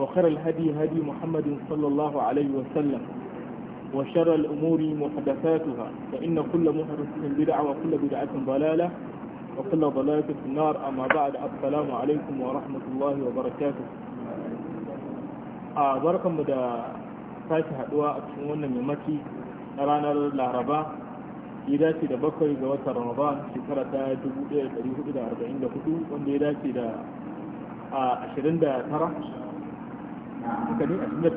وخير الهدي هدي محمد صلى الله عليه وسلم وشر الأمور محدثاتها فإن كل محدثة بدعة وكل بدعة ضلالة وكل ضلالة في النار أما بعد السلام عليكم ورحمة الله وبركاته a barkanmu da sake haduwa a cikin wannan yammaci na ranar laraba ya dace da bakwai ga تريه ramadan أربعين ta وإذا سيدا أشرين dace suka ni 29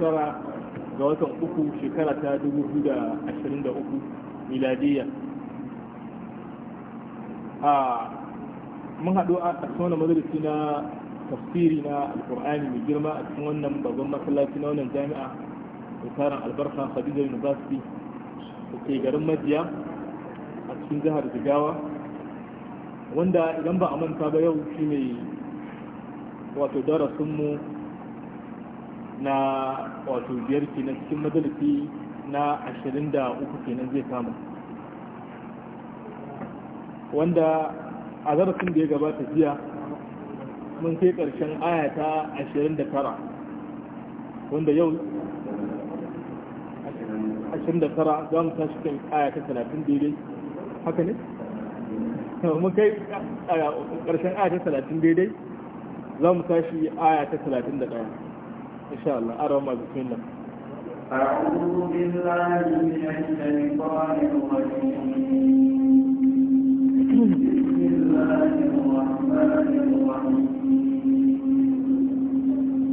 ga watan uku shekara ta 2023 miladiya a mun haɗu a tsakonar majalisi na tafsiri na alkur'ani mai girma a cikin wannan babban masallaci na wannan jami'a da tsarin albarka khadija university da ke garin majiya a cikin jihar jigawa wanda idan ba a manta ba yau shine wato darasinmu na wato biyar kenan cikin majalisi na ashirin da uku kenan zai samu wanda a zarafin da ya gabata jiya mun kai ƙarshen aya ta ashirin da tara wanda yau ashirin da tara za mu tashi kan aya ta talatin daidai haka ne? mun kai ƙarshen aya ta talatin daidai za mu tashi aya ta talatin da ɗaya إن شاء الله أرى ما بسم الله أعوذ بالله من الشيطان الرجيم بسم الله الرحمن الرحيم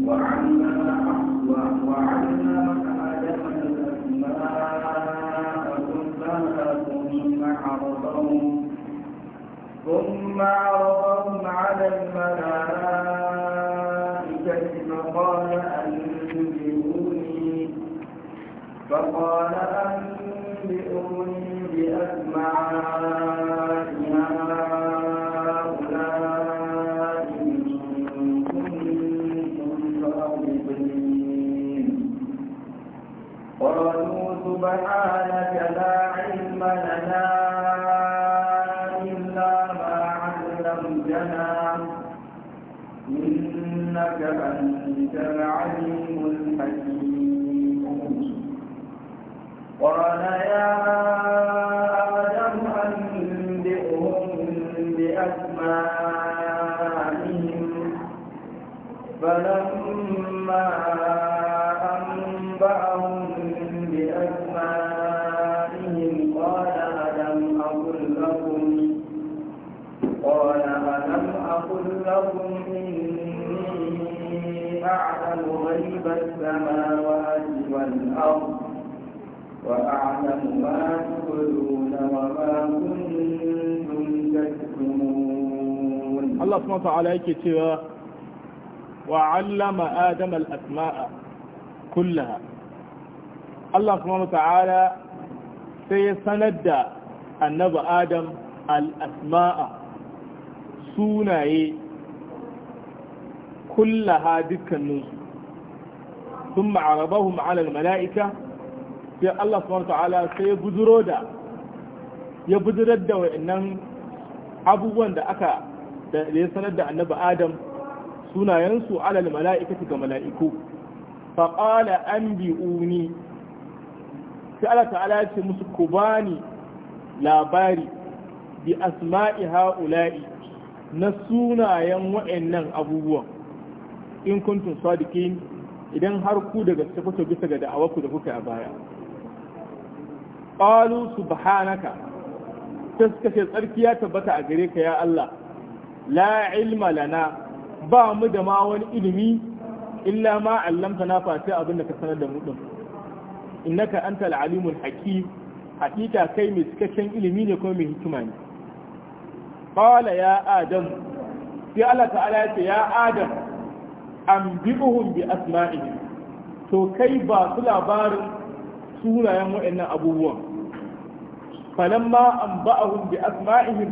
وعلم وعلم آدم الأسماء كلها ثم عرضهم ثم عرضهم على الملائكة قال يا آدم أنبئهم بأسمائهم فلما أنبأهم بأسمائهم قال ألم أقل لكم قال ألم أقل لكم إني أعلم غيب السماوات والأرض وأعلم ما تبدون وما كنتم تكتمون الله سبحانه وتعالى يكتب وعلم آدم الأسماء كلها الله سبحانه وتعالى سيسند النبي آدم الأسماء سوناي كلها دكا ثم عرضهم على الملائكة sai Allah subhanahu ta'ala sai ya buzuro da ya gudurar da wayannan abubuwan da aka da ya sanar da annabi Adam sunayensu alal mala'ikati ga mala'iku fa qala anbi'uni sai Allah ta'ala ya ce musu ku bani labari bi asma'i ha'ula'i na sunayen wayannan abubuwan in kuntum sadiqin idan har ku daga cikin bisa ga da'awarku da kuka a baya qalu subhanaka sai suka ce tsarki ya tabbata a gare ka ya Allah la ilma lana ba mu da ma wani ilimi illa ma na face abin da ka sanar da mu din innaka antal alimul hakim hakika kai mai cikakken ilimi ne kuma mai hikima ne qala ya adam sai Allah ta'ala ya ce ya adam anbi'uhum bi asma'ihim to kai ba su labarin sunayen waɗannan abubuwan falamma anba'ahum bi asma'ihim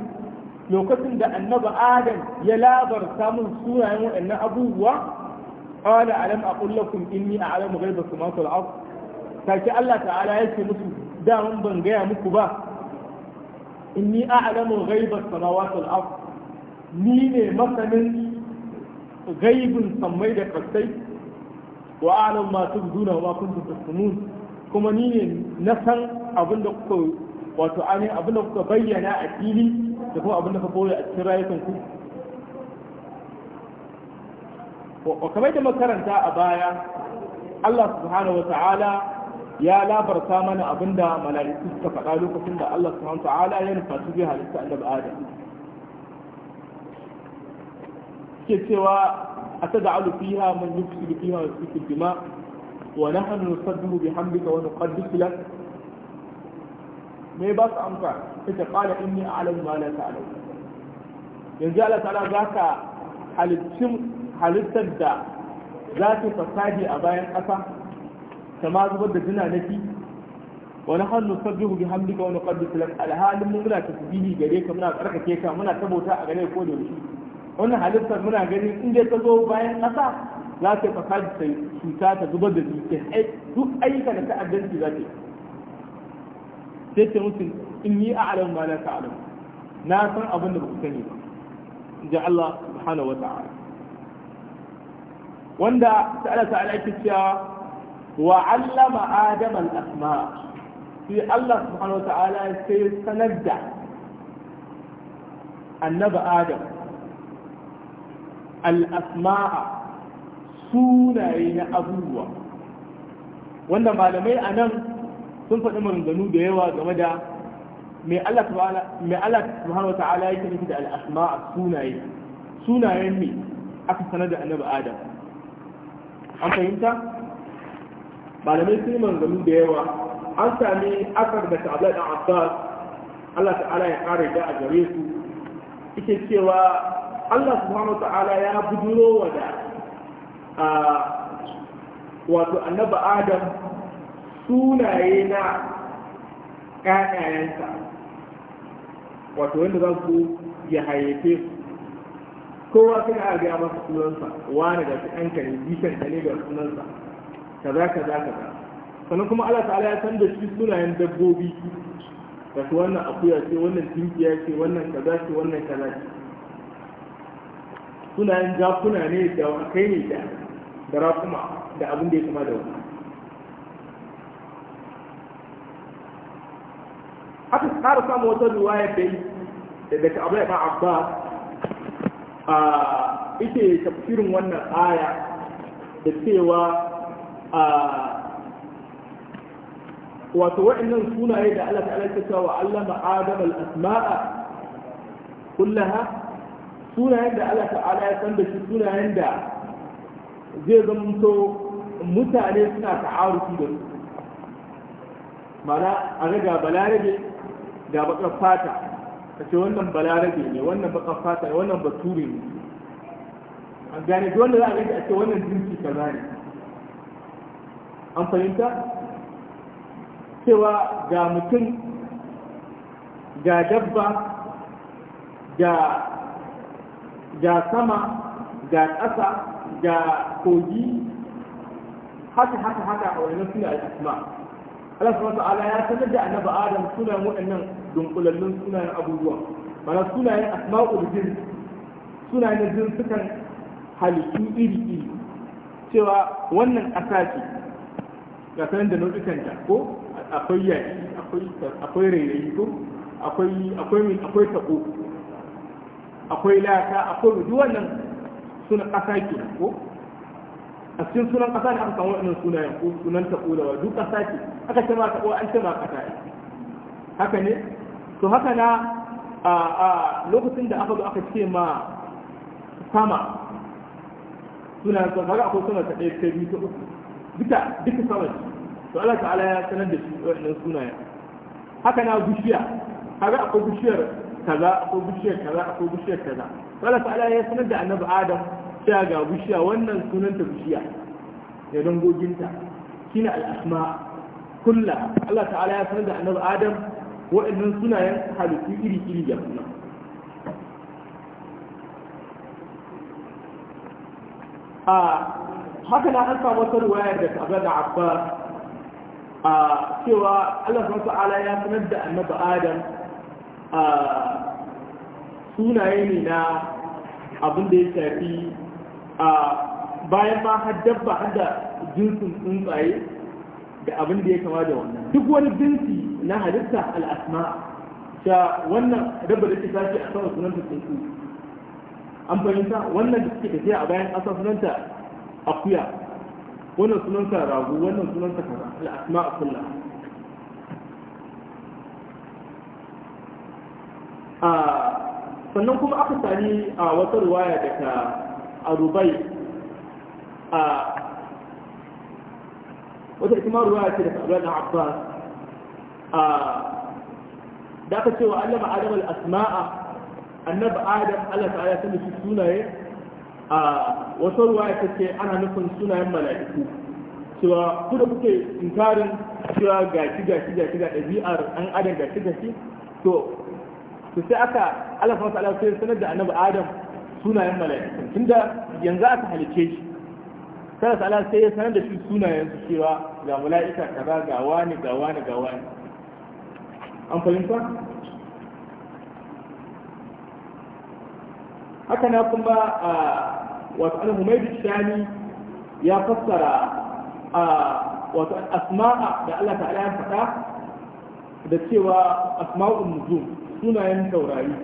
lokacin da annabi adam ya labarta mun sunayen waɗannan abubuwa qala alam aqul lakum inni a'lamu ghaiba samawati wal ard Allah ta'ala yake musu da mun ban gaya muku ba inni a'lamu ghaiba samawati wal ard ni ne masanin gaibin sammai da kasai wa a'lamu kuma ni ne na san abin da kuka wato ainihin abin da kuka bayyana a fili da kuma abin da kuka boye a cikin rayukan ku wa kamar da makaranta a baya Allah subhanahu wa ta'ala ya labarta mana abin da mala'iku suka faɗa lokacin da Allah subhanahu wa ta'ala ya nufa su bi halitta annabi Adam ke cewa أتجعل فيها من يفسد فيها ويسفك الدماء ونحن نصدر بحمدك ونقدس لك me ba su amsa kala in ni a'lamu ma la ta'lamu yanzu Allah ta'ala za ka halittar da za ta fasadi a bayan ƙasa ta ma zubar da jina nafi wani hannu sabbihu bi hamdika wani qaddisu lak alhalin mun muna tasbihi gare ka muna tsarkake ka muna tabota a gare ko da yaushe wani halittar muna gani in dai ta zo bayan ƙasa za ta fasadi ta cuta ta zubar da jiki duk ayyuka da ta'addanci za ta yi sai ce musu in yi a la ta'lamu na san abin da ba ku sani ba inda Allah subhanahu ta'ala wanda ta'ala ta'ala yake cewa wa 'allama adama al-asma sai Allah subhanahu wata'ala sai sanar da annabi adam al-asma'a sunaye na abubuwa wanda malamai a nan sun faɗi maganganu da yawa game da mai Allah subhanahu wata'ala yake nufi da al'asma a sunaye sunayen ne aka sanar da annabi adam an fahimta malamai sun yi maganganu da yawa an sami akar da ta'abla da abbas Allah ta'ala ya ƙara da a gare su ita cewa Allah subhanahu wata'ala ya buduro wa da wato annabi adam sunaye na ƴaƴayensa wato wanda za su ya hayyace su kowa suna a gaya masa sunansa wani da su ɗanka ne bishan ka ne ga sunansa kaza kaza kaza sannan kuma Allah ta'ala ya san da shi sunayen dabbobi da su wannan akuya ce wannan tinkiya ce wannan kaza ce wannan kaza ce sunayen jakuna ne da kai ne da da da abin da ya kama da wani haka su ƙara samu wata ruwaya da daga abu ya abba a ita tafsirin wannan aya da cewa a wato waɗannan sunaye da Allah ta'ala ta cewa Allah adam al-asma'a kullaha sunayen da Allah ta'ala ya san da shi sunayen da zai zamanto mutane suna ta'arufi da su mana a raga balarabe ga bakar fata ka ce wannan balarabe ne wannan bakar fata ne wannan bature ne an gane duk wanda za a gani a ce wannan jinsi ka zane an fahimta cewa ga mutum ga dabba ga sama ga ƙasa ga kogi haka haka haka a wani suna al'asma Allah subhanahu ta'ala ya sanar da annabi Adam sunayen waɗannan dunkulallun sunayen abubuwa mana sunayen asma'ul suna sunayen sukan halittu iri iri cewa wannan ƙasa ce ga sanar da ta ko akwai yaki akwai rairayi ko akwai akwai akwai tako akwai laka akwai duk wannan suna ƙasa ke ko a cikin sunan ƙasa ne aka samu waɗannan sunayen ko sunan ta wa duk ƙasa ce aka ce ma ta ƙo an ce ma ƙasa ne haka ne to haka na a lokacin da aka zo aka ce ma sama suna sun kaga akwai sunan ta ɗaya ta biyu ta uku duka duka sama ce to Allah ta'ala ya sanar da shi waɗannan sunayen haka na bishiya kaga akwai bishiyar kaza akwai bishiyar kaza akwai bishiyar kaza Allah ta'ala ya sanar da annabi Adam ta ga bishiya wannan sunanta bishiya da dangoginta shine al-asma kulla Allah ta'ala ya sanar da annabi Adam waɗannan sunayen halittu iri iri da kuma a haka na an samu wata ruwayar da ta da abba a cewa Allah subhanahu ta'ala ya sanar da annabi Adam a sunaye ne na abin da ya shafi bayan ma har dabba har da jinsin tsuntsaye da abin da ya kama da wannan duk wani jinsi na halitta al'asma ta wannan dabba da ke tashi a sama sunanta tsuntsu an fahimta wannan da suke tafiya a bayan ƙasa sunanta akuya wannan sunanta ragu wannan sunanta kaza al'asma a kulla sannan kuma aka sami a wata ruwaya daga a dubai a wata ikimar ruwa ce da abuwa na abbas a da aka cewa allama adam al'asma'a annaba adam allah ya ta shi sunaye a wasu ruwa ya ce ana nufin sunayen mala'iku cewa ku da kuke inkarin cewa gashi gashi gashi ga ɗabi'ar an adam gashi gashi to to sai aka alafa wasu alafa sai sanar da annabi Adam sunayen mala'ikun da yanzu aka halice shi sai Allah sai ya sanar da shi sunayen su cewa ga mala'ika kaza ga wani ga wani ga wani an fahimta haka na kuma a wasu al-humaydi shani ya fassara a wasu asma'a da Allah ta'ala ya faɗa da cewa asma'ul nuzum sunayen taurari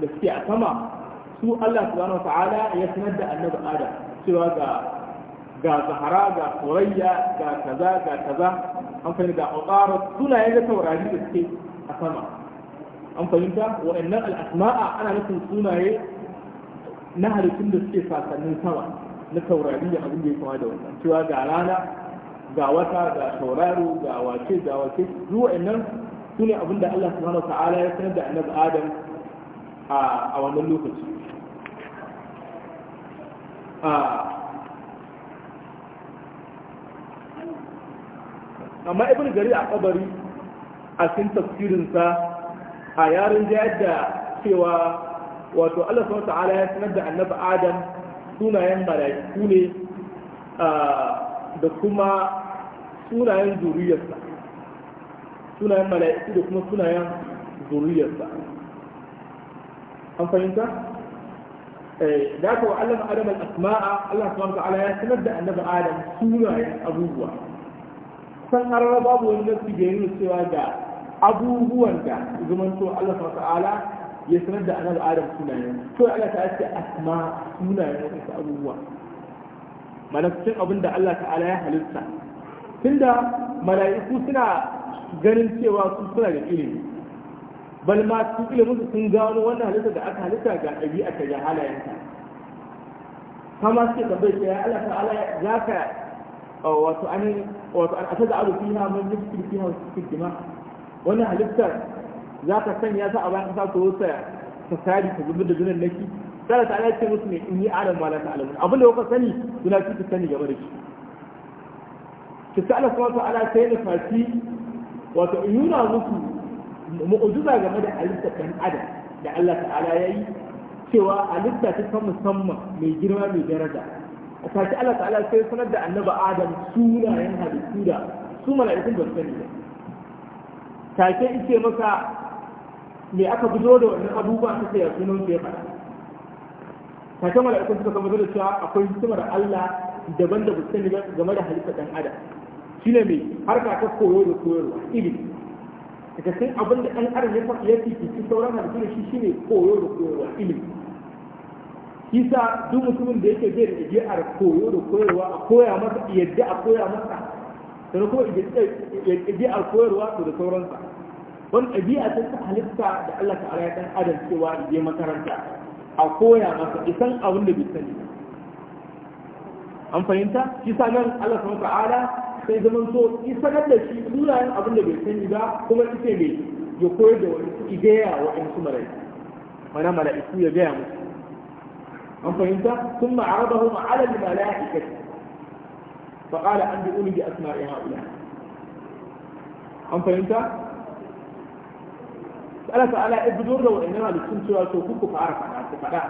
da suke a sama su Allah subhanahu wata'ala ya sanar da annabi adam cewa ga ga zahara ga surayya ga kaza ga kaza an fahimta ga ƙwaƙarar sunayen da taurari da suke a sama an fahimta wa'annan al'asma'a ana nufin sunaye na halittun da suke sasannin sama na taurari da abin da ya kama da wannan cewa ga rana ga wata ga tauraro ga wace ga wace duk wa'annan su ne abin da Allah subhanahu wa ta'ala ya sanar da annabi Adam a wannan lokaci Ah. amma ibn gari a kabari a cikin tafsirinsa a yarin jayar cewa wato Allah subhanahu ta'ala ya sanar da annabi Adam sunayen malaiku ne ah, da kuma sunayen zuriyarsa sunayen malaiku da kuma sunayen zuriyarsa an fahimta Eh, da ka wa allama adam al-asma'a Allah subhanahu ta'ala ya sanar da annabi adam sunayen abubuwa san har babu wani nafsi da yana cewa da abubuwan da zaman to Allah subhanahu ta'ala ya sanar da annabi adam sunayen to Allah ta ce asma sunayen wasu abubuwa malakacin abin da Allah ta'ala ya halitta tunda mala'iku suna ganin cewa su suna da ilimi bal ma su ilimin sun gano wannan halitta da aka halitta ga ɗabi'a ta ga halayenta kama suke tambayi ta ya Allah ta'ala za ka wato an wato an asada abu fiha man yusfi fiha yusfi kima wannan halittar za ka sanya ta a bayan kasa ko ta ta sari ta zubar da zunan naki kada ta ce musu ne in yi alam ma la ta'lamun abin da kuka sani suna cikin sani game da shi ki ta kuma subhanahu wa ta'ala sai da fati wato in nuna musu mu'ujiza game da halitta ɗan adam da Allah ta'ala ya yi cewa halitta ta ta musamman mai girma mai daraja a tashi Allah ta'ala sai sanar da annaba adam sunayen halittu da su mala'ikun ba sani ba take ice maka me aka fito da wannan abubuwa ta sai sunan ya faɗa take mala'ikun suka kama da cewa akwai hikimar Allah daban da ba sani game da halitta ɗan adam shine mai harka ta koyo da koyarwa ilimi daga cikin abin da ɗan adam ya fifici sauran halittu da shi ne koyo da koyarwa ilimi isa duk mutumin da yake zai da a koyo da koyarwa a koya masa yadda a koya masa sannan kuma a koyarwa to da sauransa wani ɗabi'a ta ta halitta da Allah ta'ala ya ɗan adam cewa je makaranta a koya masa isan abin da bai sani an fahimta shi sa nan Allah ta ta'ala sai zaman to isanar da shi sunayen abin da bai sani ba kuma ita mai ya koyar da wani su gaya wa ɗan su marai mana mala'iku ya gaya musu an fahimta sun ma'araba hu ma'alar mala'ikati fa qala an bi'uni bi asma'i ha'ula an fahimta Allah ta'ala ya bidur da wa'annan halittun cewa to kuku fa'ara faɗa ku faɗa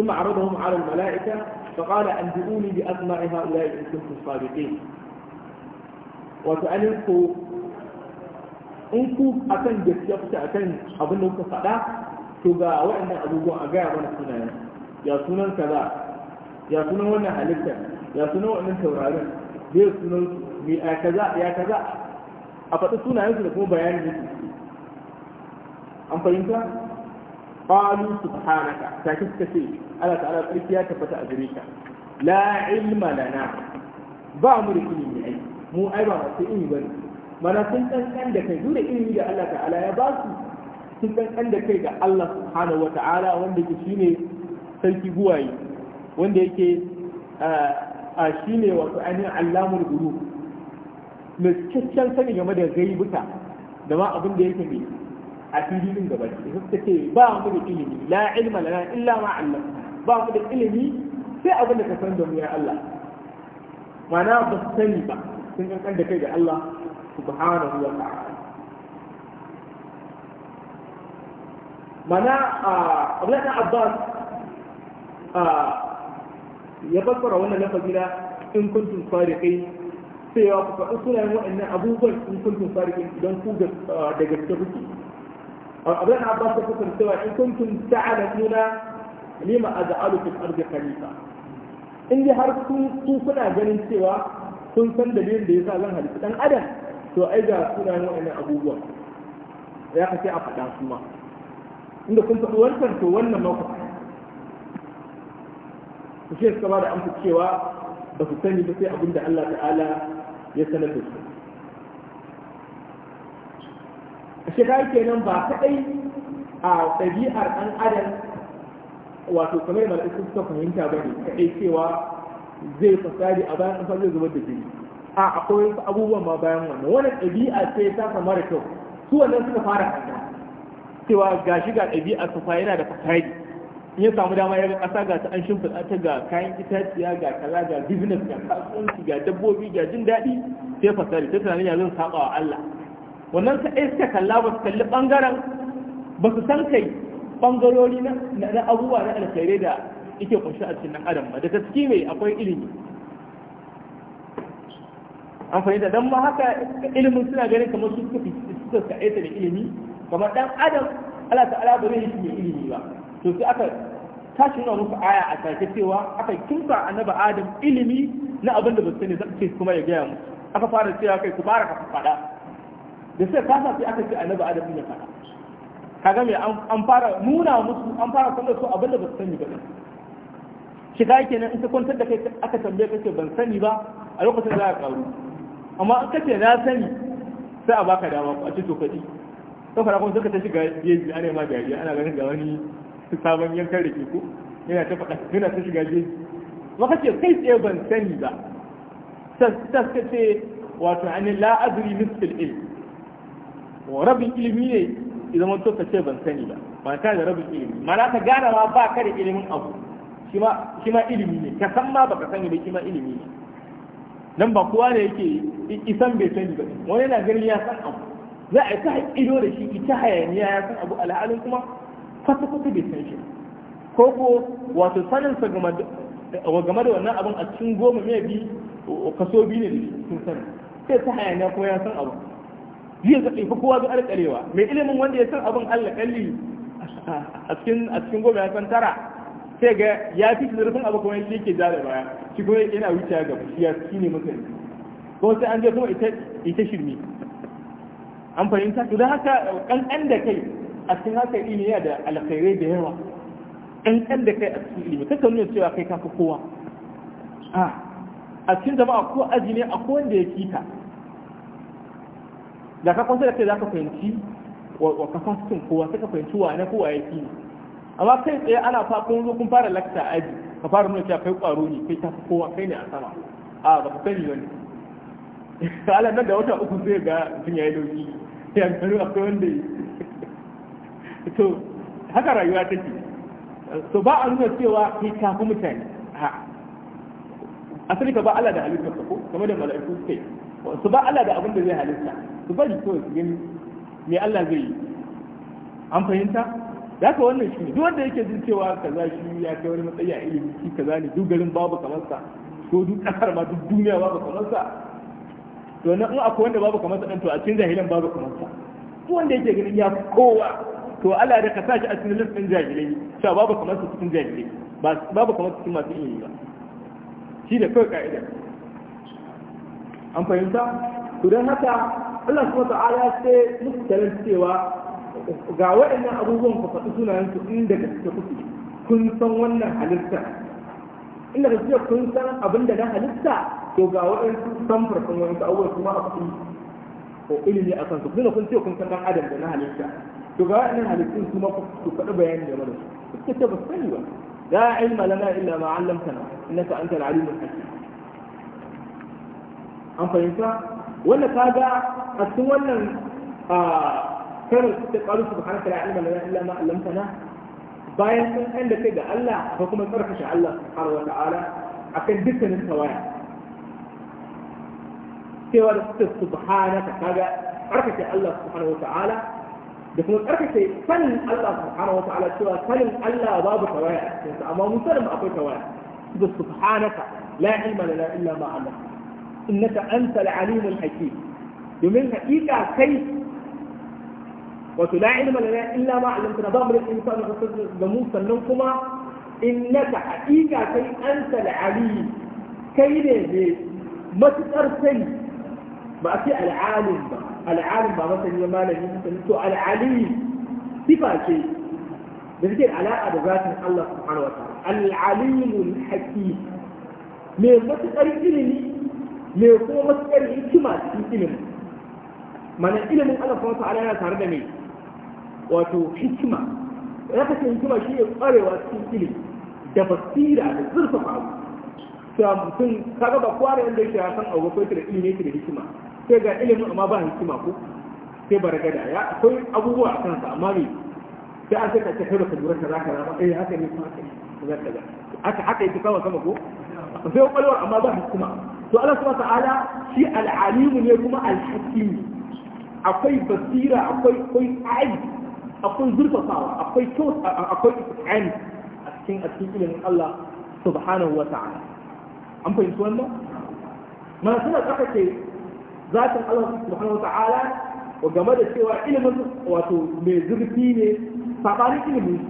ثم عرضهم على الملائكة فقال أنبئوني بأسماء هؤلاء إن كنتم صادقين wato ainihin ko in ku akan gaskiya kuka akan abin da kuka faɗa to ga waɗannan abubuwan a gaya mana sunayen ya sunan kaza ya sunan wannan halittar ya sunan wannan taurarin bai sunan mai a kaza ya kaza a faɗi sunayen su da kuma bayanin da su an fahimta qalu subhanaka ta suka ce Allah ta'ala tsarki ya tabbata a gare ka la ilma lana ba mu da ilimi ai mu ai ba su ilimi bane mana sun kankan da kai duk da ilimi da Allah ta'ala ya ba su sun kankan da kai ga Allah subhanahu wata'ala wanda ke shine sarki guwaye wanda yake a ah, ah, shine wato ainihin allamul guru mai cikakken sani game da gaibuka da ma abin da yake mai a filin gaba da ta ce ba mu da ilimi la ilma lana illa ma Allah ba mu da ilimi sai abin da ka san da mu ya Allah mana ba sani ba sun yi kan da kai da Allah subhanahu wa ta'ala mana a Abdullahi Abbas ya fassara wannan lafazi na in kuntum sadiqin sai ya ku faɗi sunayen waɗannan abubuwan in kuntum sadiqin idan ku da gaske kuke Abdullahi Abbas ta fassara cewa in ta'ala ta'lamuna lima az'alu fil ardi khalifa in har ku kuna ganin cewa kun san dalilin da sa zan halitta dan adam to ai ga yin wa'annan abubuwa ya kace a faɗa su ma inda kun faɗi wancan to wannan ma ku ku ce suka ba da amsa cewa ba su sani ba sai abin da Allah ta'ala ya sanar da su a shekara kenan ba kaɗai a ɗabi'ar ɗan adam wato kamar mala'iku suka fahimta ba ne kaɗai cewa zai fasari a bayan ƙasa zai zubar da jini a akwai wasu abubuwan ma bayan wannan wannan ɗabi'a ce ta samar da kyau su wannan suka fara kanta cewa ga shi ga ɗabi'a su fa yana da fasari in ya samu dama ya ga ƙasa ga ta an shimfiɗa ta ga kayan itaciya ga kaza ga business ga kasuwanci ga dabbobi ga jin daɗi sai fasari sai tunanin ya zan saba Allah wannan kaɗai suka kalla ba su kalli ɓangaren ba su san kai ɓangarori na abubuwa na alkhairai da yake kunshi a cikin adam ba da gaske ne akwai ilimi an fahimta dan ma haka ilimin suna ganin kamar su suka suka aita da ilimi kamar dan adam Allah ta'ala ba zai yi ilimi ba to sai aka tashi nuna musu aya a take cewa aka kinka annabi adam ilimi na abin da ba sani zan ce kuma ya gaya musu aka fara cewa kai ku baraka ku fada da sai sa sai aka ce annabi adam ya fada kaga me an fara nuna musu an fara sanar su abin da ba sani ba kiga kenan in ka kwantar da kai aka tambaye ka ce ban sani ba a lokacin za a karu amma an kace na sani sai a baka dama a ce to kaji fara kuma suka ta shiga jeji ana ma dariya ana ganin ga wani sabon yankan ke ko yana ta faɗa yana ta shiga jeji maka ce kai tsaye ban sani ba ta suka ce wato ani la adri misl rabin ilimi ne idan mun to ka ce ban sani ba ba ta da rabin ilimi mana ka gane ma ba ka da ilimin abu shi ma ilimi ne ka san ma baka sani ba shi ma ilimi ne nan ba kowa ne yake isan bai sani ba wani yana ganin ya san abu za a yi ta ido da shi ita hayaniya ya san abu alhalin kuma kwata kwata bai san shi ko ko wato sanin sa game da wannan abin a cikin goma mai bi kaso biyu ne da sun sani sai ta hayaniya kuma ya san abu zai zaɓe fi kowa zuwa ƙarewa. mai ilimin wanda ya san abin allah ƙalli a cikin goma ya san tara sai ga ya fi zurfin abu kuma shi ke da baya shi kuma yana wuce ga shi ya shi ne mutane ko sai an je kuma ita ita shirmi an fahimta to don haka kankan da kai a cikin haka ilimi yana da alkhairai da yawa kankan da kai a cikin ilimi kaka nuna cewa kai kafa kowa a cikin zama a ko aji ne a ko wanda ya kita da ka kwanta da kai za ka fahimci wa kafasitin kowa sai ka fahimci wa na kowa ya kini amma kai tsaye ana fa kun zo kun fara lakta aji ka fara nuna cewa kai kwaro ne kai tafi kowa kai ne a sama a ba ku sani wani ala nan da wata uku zai ga mutum ya yi dauki ya gano akwai wanda yi to haka rayuwa take to ba a nuna cewa kai tafi mutane a asali ka ba Allah da halitta ka ko kamar da mala'iku suke su ba Allah da abin da zai halitta su bari kawai su gani me Allah zai yi an fahimta da ka wannan shi duk wanda yake jin cewa kaza shi ya kai wani matsayi a ilimi shi kaza ne duk garin babu kamar sa ko duk kasar ma duk duniya babu kamar sa to nan in akwai wanda babu kamar sa dan to a cikin jahilan babu kamar sa duk wanda yake ganin ya kowa to Allah da ka sashi a cikin listin jahilai cewa babu kamar sa cikin jahilai babu kamar sa cikin masu ilimi ba shi da kawai ka'ida an fahimta to don haka Allah subhanahu wa ta'ala sai musu talar cewa ga waɗannan abubuwan ku faɗi sunayen inda gaske kuke kun san wannan halitta inda gaske kun san abin da na halitta to ga waɗansu san farkon wani abubuwa kuma a kuɗi ko ilimi a kansu kuma kun ce kun san ɗan adam da na halitta to ga waɗannan halittun kuma ku faɗi bayani game da su suka ce ba su sani ba la ilma lana illa ma 'allamtana innaka antal alimul hakim an fahimta wanda kaga a cikin wannan ah, karin su kalu subhanaka la ilma lana illa ma 'allamtana bayan sun kan da kai ga Allah ko kuma tsarkake Allah subhanahu wa ta'ala akan dukkanin tawaya cewa da suka subhanaka kaga tsarkake Allah subhanahu wa ta'ala da kuma tsarkake sanin Allah subhanahu wa ta'ala cewa sanin Allah babu tawaya a cikin amma mun sanin akwai tawaya da subhanaka la ilma lana illa ma 'allamtana innaka anta al-alim al-hakim domin haƙiƙa kai wato la ilma lana illa ma 'allamtana ba mu da insani da mu sannan kuma innaka haqiqa kai anta al-ali kai ne ne matukar sai ba a ce al-alim ba al-alim ba masani malami masani to al-ali sifa ce da take alaƙa da zatin Allah subhanahu wa ta'ala al-alimul hakim me matukar ilimi me kuma matukar hikima cikin ilimi mana ilimin Allah subhanahu wa ta'ala yana tare da me wato hikima ya kace hikima shi ne kwarewa cikin ilimi da basira da zurfafa abu cewa mutum kaga ba kware inda yake ya san abu ko da ilimi ne da hikima sai ga ilimi amma ba hikima ko sai bargada ya akwai abubuwa a kansa amma me sai an saka ta kai da lura ta zaka rama eh haka ne kuma haka ne zaka ga aka haka yake kawai sama ko sai kwalwar amma ba hikima to Allah subhanahu ta'ala shi al-alim ne kuma al-hakim akwai basira akwai akwai tsari akwai zurfafawa akwai kyau akwai isa'ani a cikin a cikin ilimin Allah subhanahu wa ta'ala an fahimci wannan mana suna tsakake zatin Allah subhanahu wa ta'ala wa game da cewa ilimin wato mai zurfi ne sabanin ilimin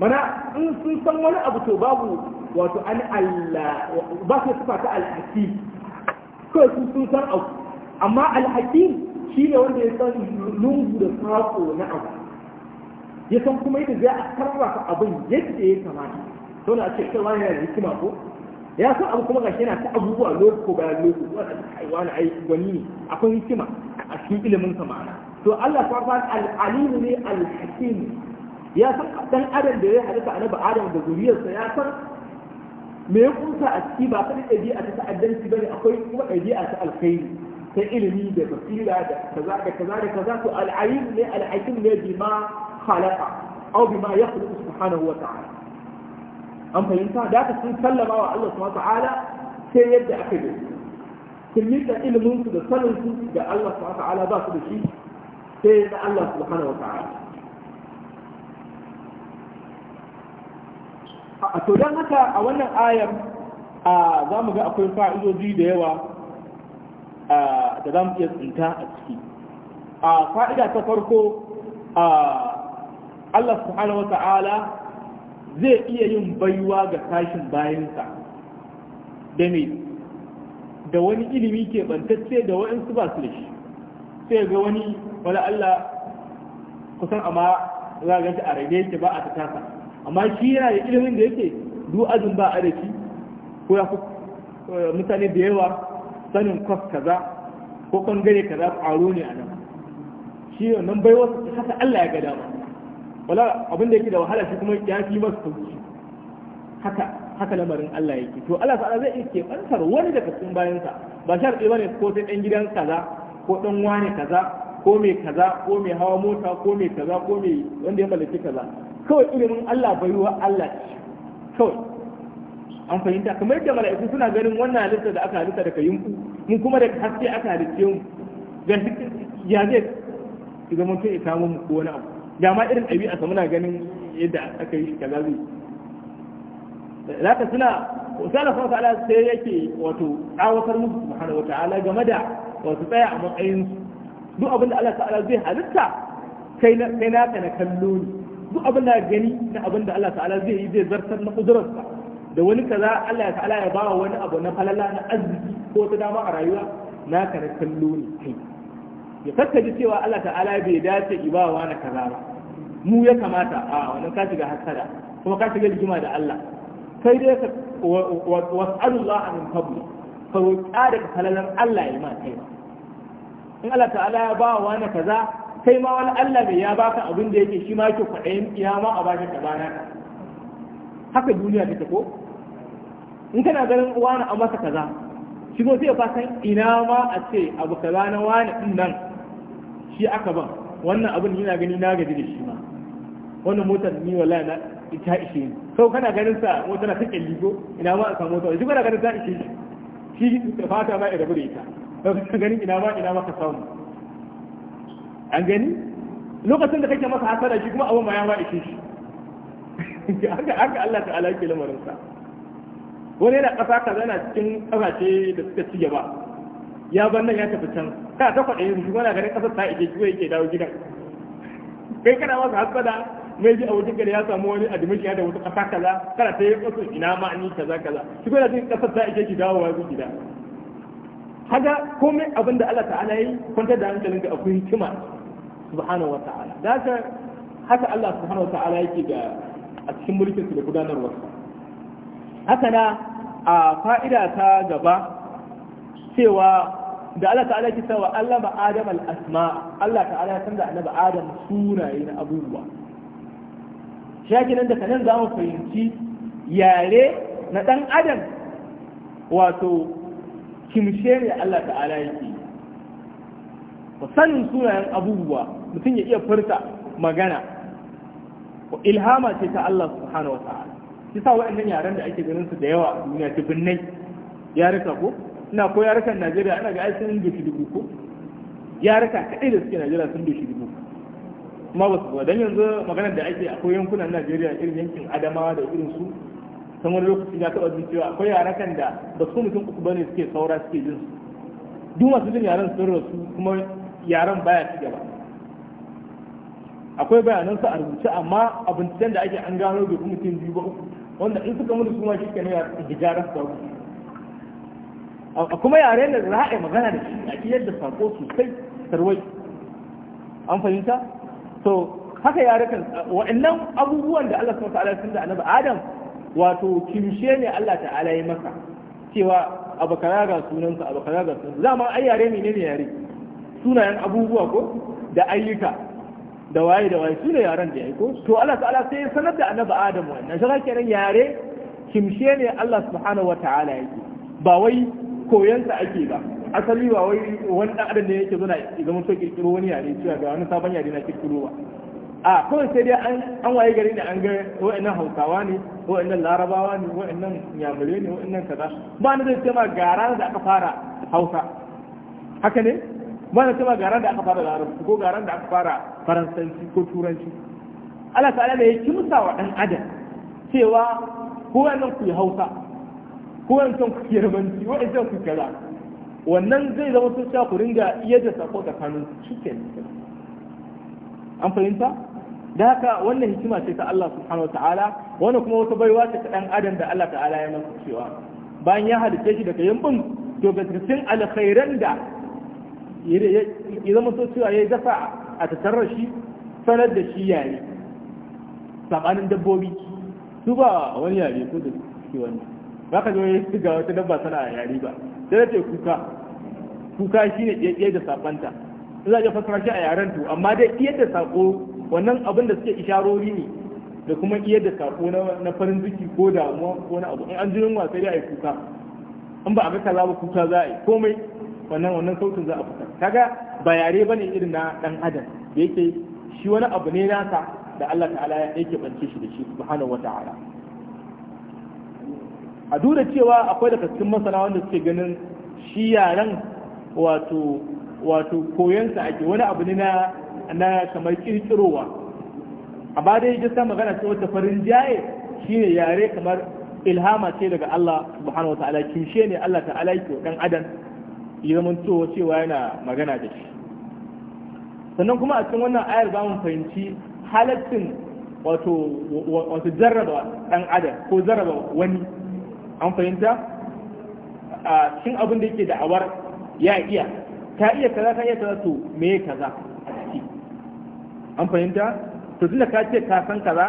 mana in sun san wani abu to babu wato an Allah ba su sufa ta alhaki kawai sun san abu amma alhakim shi ne wanda ya san lungu da sako na abu ya san kuma yadda za a sarrafa abin yadda ya kamata dole a ce kai wani yana da hikima ko ya san abu kuma gashi yana ta abubuwa loko bayan loko wanda kai wani ai gwani ne akwai hikima a cikin ilimin sa ma'ana to Allah ta fa al-alim ne al-hakim ya san dan adam da ya halitta annabi adam da zuriyarsa ya san me ya kusa a ciki ba kada ɗabi'a ta ta'addanci bane akwai kuma ɗabi'a ta alkhairi ta ilimi da basira da kaza da kaza da kaza to al'ayin ne al'akin ne bima khalaqa aw bima yakhluqu subhanahu wa ta'ala an fahimta da ka sun sallama wa Allah subhanahu wa ta'ala sai yadda aka yi sun miƙa ilimin su da sanin su da Allah subhanahu wa ta'ala ba su da shi sai na Allah subhanahu wa ta'ala a to dan haka a wannan ayar a za ga akwai fa'idoji da yawa da za mu iya tsinta a ciki a fa'ida ta farko Allah subhanahu wata'ala zai iya yin baiwa ga tashin bayansa da mai da wani ilimi ke bantacce da waɗansu ba su da shi sai ga wani wani Allah kusan amma za ga shi a rage yake ba a ta tasa amma shi yana da ilimin da yake du ba a da shi ko ya fi eh, mutane da yawa sanin kwas kaza ko bangare kaza ƙwaro ne a nan shi wannan bai wasu haka Allah ya gada wala abin da yake da wahala shi kuma ya fi masu sauki haka lamarin Allah yake to Allah ta'ala zai iya bantar wani daga cikin bayansa ba sharɗi bane ko sai dan gidan kaza ko dan wani kaza ko mai kaza ko mai hawa mota ko mai kaza ko mai wanda ya mallaki kaza kawai ilimin Allah bai wa Allah kawai an fahimta kamar yadda mala'iku suna ganin wannan halitta da aka halitta daga yinku mun kuma da haske aka halitta mu ga ya zai ki zama ta ya samu mu wani abu da ma irin ɗabi'a sa muna ganin yadda aka yi kaza zai zaka suna wasala sa ta'ala sai yake wato tsawatar musu subhanahu wata'ala game da wato tsaya a matsayin su duk abin da Allah ta'ala zai halitta kai na kai na kallo duk abin da gani na abin da Allah ta'ala zai yi zai zartar na kudurarsa da wani kaza Allah ya ta'ala ya bawa wani abu na falala na arziki ko ta dama a rayuwa Na na kallo ne kai ya kakkaji cewa Allah ta'ala bai dace ibawa na kaza ba mu ya kamata a wannan ka shiga hasada kuma ka shiga rigima da Allah kai dai ka was'alullah min fadli ka roƙa daga falalar Allah ya ma kai in Allah ta'ala ya bawa wani kaza kai ma wani Allah bai ya baka abin da yake shi ma yake kwaɗayin iyama a bashi ka na. haka duniya take ko in kana ganin wani a masa kaza shi ko sai fatan ina ma a ce abu kaza na wani din nan shi aka ban wannan abin yana gani na gaji da shi ma wannan motar ni wallahi na ita ishe ni kau kana ganin sa motar ta kyalli go ina ma a samu motar shi kana ganin ta ishe shi shi fata ma ya rabu da ita kana ganin ina ma ina ma ka samu an gani lokacin da kake masa hasara shi kuma abin ma ya ma ishe shi haka Allah ta'ala yake lamarin sa wani yana ƙasa kaza yana cikin ƙasashe da suka ci gaba ya ban nan ya tafi can kana ta kwaɗe yanzu na ganin ƙasar ta ije kiwo yake dawo gidan kai kana masa hasada mai ji a wajen gari ya samu wani admission da wata ƙasa kaza kana ta yi ƙasa ina ma ni kaza kaza shi kuma cikin ƙasar ta ije ki dawo wa gida haka komai abin da Allah ta'ala yi kwantar da hankalin ka akwai hikima subhanahu wa ta'ala da haka Allah subhanahu wa ta'ala yake ga a cikin su da gudanarwa. haka na a fa'ida ta gaba cewa da Allah ta'ala ki sawa Allah ba Adam al-asma Allah ta'ala ya sanda annabi Adam sunaye na abubuwa shaki nan daga nan za mu fahimci yare na ɗan adam wato kimshe ne Allah ta'ala yake sanin sunayen abubuwa mutum ya iya furta magana ilhama ce ta Allah subhanahu wa ta'ala Yasa sa waɗannan yaren da ake ganin su da yawa a duniya ta binnai yaruka ko ina ko yarukan najeriya ana ga ai sun doshi dubu ko yaruka kaɗai da suke najeriya sun doshi dubu kuma ba su ba don yanzu maganar da ake akwai yankunan najeriya irin yankin adamawa da irin su san wani lokaci ya taɓa cewa akwai yarukan da ba su mutum uku bane suke saura suke jin su duk masu jin yaren sun rasu kuma yaren baya ci gaba akwai su a rubuce amma a binciken da ake an gano bai mutum biyu ba uku wanda in suka mutu kuma shi kenan ya da sa a kuma yare da za a yi magana da shi a yadda sako sosai sarwai an fahimta to haka yare kan wa'annan abubuwan da Allah subhanahu ta'ala sun da annabi Adam wato kimshe ne Allah ta'ala ya masa cewa abakara ga sunansa abu kaza ga sunansa zama ai yare ne ne yare sunayen abubuwa ko da ayyuka da waye da waye su ne yaren da ya ko to Allah ta'ala sai ya sanar da annabi Adam wannan shi nan yare kimshe ne Allah subhanahu wata'ala yake ba wai koyansa ake ba asali ba wai wani dan adam ne yake zuna mun so kirkiro wani yare cewa ga wani sabon yare na kirkiro ba a kawai sai dai an waye gari ne an ga wa'annan hausawa ne wa'annan larabawa ne wa'annan yamure ne wa'annan kaza ba na zai ce ma gara da aka fara hausa haka ne ba da cewa garan da aka fara larabci ko garan da aka fara faransanci ko turanci Allah ta'ala da ya kimsa wa dan adam cewa ko wannan ku hausa ko wannan ku yarbanci wannan ku kaza wannan zai zama sun sha ku ringa iya da sako tsakanin cikin an fahimta da haka wannan hikima ce ta Allah subhanahu wa ta'ala wannan kuma wata baiwa ce ta dan adam da Allah ta'ala ya masa cewa bayan ya halice shi daga yambin to ga cikin alkhairan da ya zama so cewa ya dafa a tattarar shi sanar da shi yare tsakanin dabbobi su ba wani yare ko da suke wani ba ka zo ya ga wata dabba sana a yare ba sai da ce kuka kuka shi ne ɗaya da saɓanta za a iya fasara shi a yaren to amma dai iya da saƙo wannan abin da suke isharori ne da kuma iya da saƙo na farin ziki ko damuwa ko na abu in an jirin wasa dai a yi kuka in ba a ga kaza ba kuka za a yi komai wannan wannan sautin za a fita kaga ba yare bane irin na dan adam da yake shi wani abu ne nasa da Allah ta'ala yake bance shi da shi subhanahu wata'ala a duk cewa akwai daga cikin masana wanda suke ganin shi yaren wato wato koyansa ake wani abu ne na na kamar kirkirowa amma dai gaskiya magana ce wata farin jaye shine yare kamar ilhama ce daga Allah subhanahu wata'ala kimshe ne Allah ta'ala yake wa dan adam ya manto cewa yana magana da shi sannan kuma a cikin wannan ayar za mu fahimci halattun wato jarraba ɗan adam ko jarraba wani an fahimta a cikin abin da yake da'awar ya iya ta iya kaza ta iya kaza to me ya kaza a an fahimta to tunda ka ce ka san kaza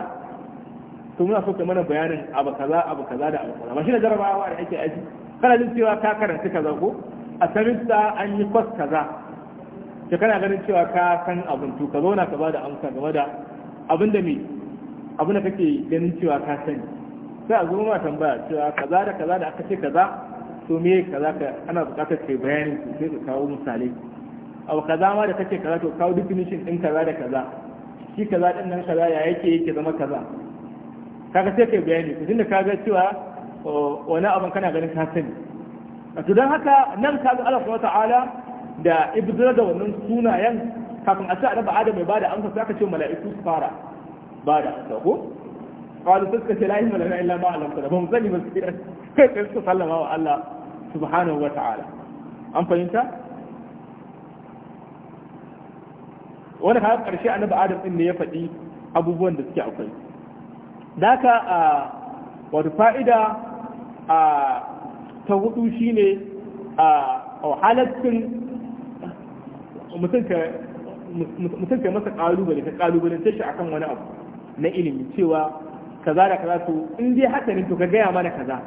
to muna so ka mana bayanin abu kaza abu kaza da abu kaza ba shi da jarrabawa da ake aiki kana jin cewa ka karanta kaza ko a sarista an yi kwas kaza da kana ganin cewa ka san abin to ka zauna ka bada amsa game da abin da me abin da kake ganin cewa ka sani sai a zo ma tambaya cewa kaza da kaza da aka ce kaza to me kaza ka ana buƙatar kai bayanin su sai ka kawo misali abu kaza ma da kake kaza to kawo definition din kaza da kaza shi kaza din nan kaza ya yake yake zama kaza kaga sai kai bayani tunda kaga cewa oh, wani abin kana ganin ka sani to don haka nan ka ga Allah subhanahu wataala da ibdura da wannan sunayen kafin a ce adaba Adam mai bada amsa sai aka ce mala'iku su fara bada amsa ko qalu suka ce la ilaha illa ma alam ta ba mu sani ba sai kai su sallama wa Allah subhanahu wa ta'ala an fahimta wani har karshe annabi Adam din ne ya faɗi abubuwan da suke akwai da haka wato fa'ida a ta hudu ne, a halaccin mutum ka masa kalubale ta kalubalance shi akan wani abu na ilimi cewa kaza da kaza to in dai haka ne to ka gaya mana kaza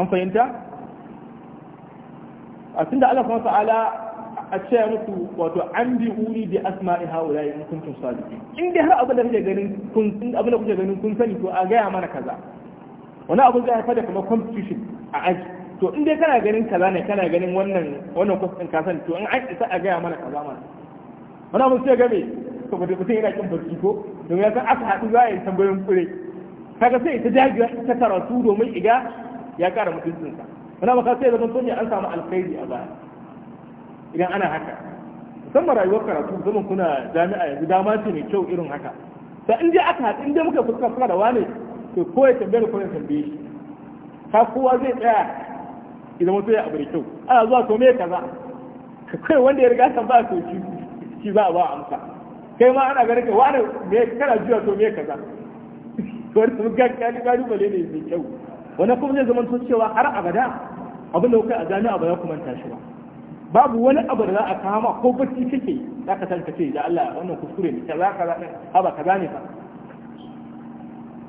an fahimta a da Allah kuma sa'ala a ce musu wato an bi uri bi asma'i haula in kuntum sadiqin in dai har abin da kuke ganin kun abin da kuke ganin kun sani to a gaya mana kaza wani abu zai haifar da kuma competition a aji to in dai kana ganin kaza ne kana ganin wannan wannan kwas din kasan to in an isa a gaya mana kaza mana wani abu sai game to ba mutum yana kin barci ko domin ya san aka haɗu za a yi tambayoyin kure kaga sai ta dajiya ta karatu domin iga ya kara mutuncinsa wani abu ka sai zama to an samu alkhairi a baya idan ana haka musamman rayuwar karatu zaman kuna jami'a yanzu dama ce mai kyau irin haka da in dai aka haɗu in muka fuskanta da wane to ko ya tambaye ko ya tambaye shi ka kowa zai tsaya idan mutum ya abu da kyau ana zuwa to me kaza ka kai wanda ya riga san ba to shi shi za a ba amsa kai ma ana ganin wa wani me kana jiya to me kaza to wani sun ga kali bale ne mai kyau wani kuma zai zama cewa har abada abin da kai a jami'a ba za ku manta shi ba babu wani abu da za a kama ko bacci kake za ka san ka ce da Allah wannan kuskure ne kaza kaza ne haba kaza ne fa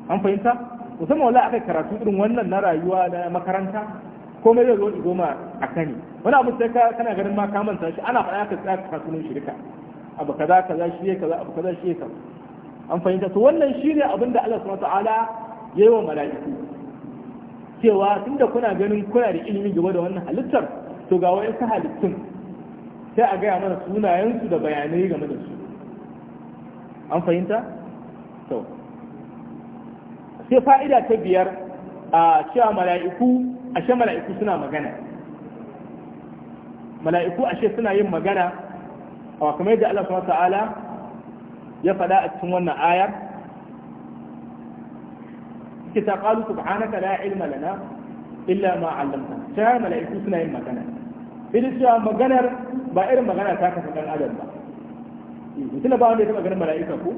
an fahimta musamman wala aka karatu irin wannan na rayuwa na makaranta komai zai zo goma a kani wani abu sai ka kana ganin ma ka manta shi ana faɗa ka tsaya ka ne shirka abu kaza kaza shi kaza abu kaza shi kaza an fahimta to wannan shine abin da Allah subhanahu wataala ya yi wa mala'iku cewa tunda kuna ganin kuna da ilimi game da wannan halittar to ga wani ka halittun sai a gaya mana sunayensu da bayanai game da su an fahimta to sai fa'ida ta biyar a cewa mala'iku ashe mala'iku suna magana mala'iku ashe suna yin magana a kamar yadda Allah subhanahu ta'ala ya faɗa a cikin wannan ayar ki ta qalu subhanaka la ilma lana illa ma 'allamtana sai mala'iku suna yin magana idan cewa maganar ba irin magana ta kafa dan adam ba tunda ba wanda ya taɓa ganin mala'ika ko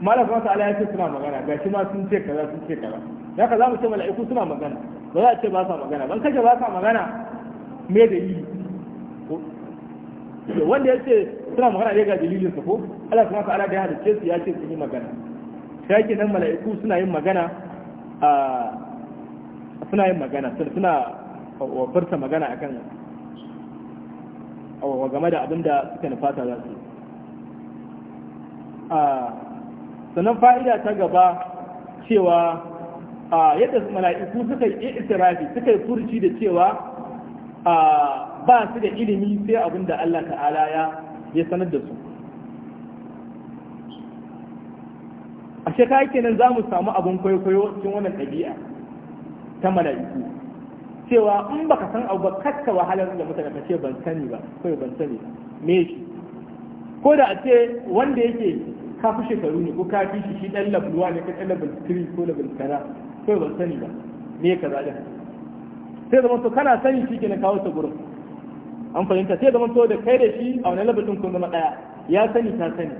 malam masu ala ya ce suna magana ga shi ma sun ce kaza sun ce kaza da ka za mu ce mala'iku suna magana ba za a ce ba sa magana ban kashe ba sa magana me da yi wanda ya ce suna magana ne ga dalilin su ko Allah kuma ala da ya halicce su ya ce sun yi magana Ya yake nan mala'iku suna yin magana a suna yin magana suna wafarta magana akan game da abin da suka nufata za su sannan fa'ida ta gaba cewa a yadda mala'iku suka yi itirafi suka yi furci da cewa ba su da ilimi sai abin da Allah ta'ala ya ya sanar da su a shekara kenan za mu samu abin kwaikwayo cikin wannan ɗabi'a ta mala'iku cewa in baka san abu ba wahalar da mutane ka ce ban sani ba kawai ban sani ba? me shi ko da a ce wanda yake ka fi shekaru ne ko ka fi shi shi dan level 1 ne ka dan level 3 ko level kaza ko ban sani ba me ka da sai zama to kana sani shi kenan kawo ta gurin an fahimta sai zama to da kai da shi a wani level din kun zama daya ya sani ta sani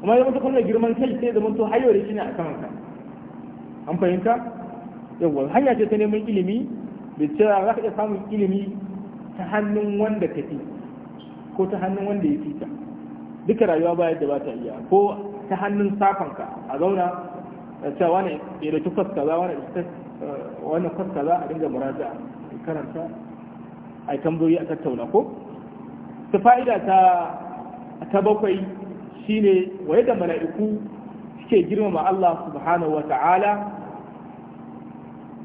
kuma zama to kuma girman kai sai zama to hayo da shi ne a kan ka an fahimta yawa hanya ce ta neman ilimi da cewa za ka iya samun ilimi ta hannun wanda ka fi ko ta hannun wanda ya fi ta duka rayuwa ba yadda ba ta iya ko ta hannun safanka a zauna a cewa wani ya dauki kwas kaza wani eh, wani kwas kaza a dinga muraja a karanta a tambayoyi a tattauna ko ta fa'ida ta ta bakwai shine wa yadda mala'iku suke girmama Allah subhanahu wa ta'ala